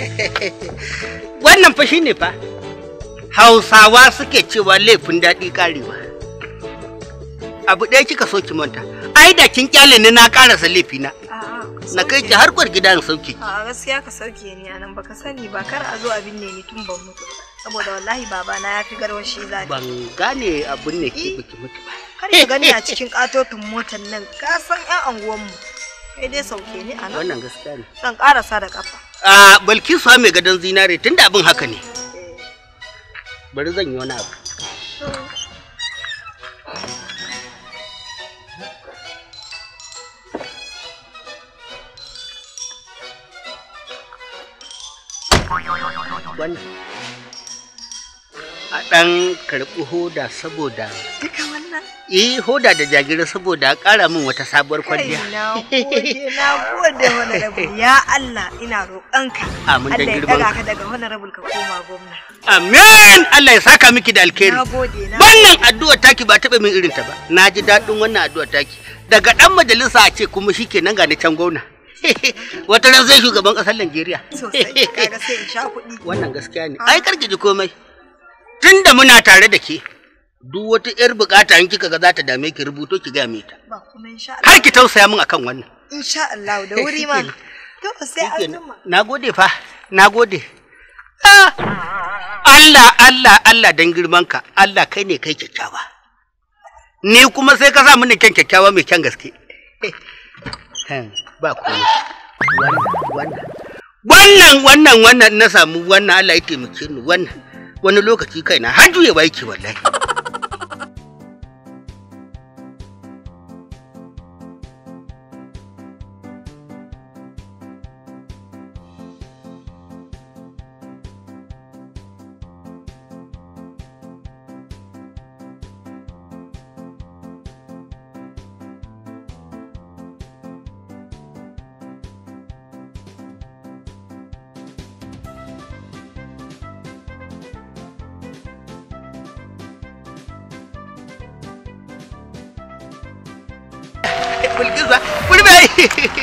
wannan fa shine fa hausawa suke cewa laifin daɗi karewa abu ɗaya kika so ki manta ai da kin kyale ni na karasa laifina na kai ki har kwar gidan sauki a gaskiya ka sauke ni anan baka sani ba kar a zo abin ne ni tun ban mutu saboda wallahi baba na yafi garwashi zabi ban gane abin ne ki biki mutu ba eh, kar ka gani a cikin katotin motar nan ka san yan anguwan mu kai dai sauke ni anan wannan gaskiya ne zan karasa da kafa a balki su mai gadon zinare tun da abin haka ne bari zan yi wani abu wannan a ɗan karɓi hoda saboda eh hoda da jagira saboda ƙara min wata sabuwar kwalliya na gode na gode ya Allah ina roƙonka amin da girman Allah ya daga ka daga rabin ka koma gwamna amin Allah ya saka miki da alkhairi wannan addu'a taki ba taɓa min irin ta ba na ji daɗin wannan addu'a taki daga ɗan majalisa a ce kuma kenan ga ni can gwamna wata ran zai shugaban ƙasar Najeriya. Sosai, kaga sai in sha kuɗi. Wannan gaskiya ne. Ai karki ji komai. tunda muna tare da ke duk wata yar bukata in kika ga za ta dame ki rubuto ki gaya me ta ba kuma insha Allah kar ki tausaya min akan wannan insha Allah da wuri ma to sai Na gode fa na gode. Ah! Allah Allah Allah dan girman ka Allah kai ne kai kyakkyawa ni kuma sai ka sa mini kyan kyakkyawa mai kyan gaske ba komai wannan wannan wannan wannan na samu wannan Allah ya taimake ni wannan wani lokaci kaina har juyewa yake wallahi fulgiza fulbe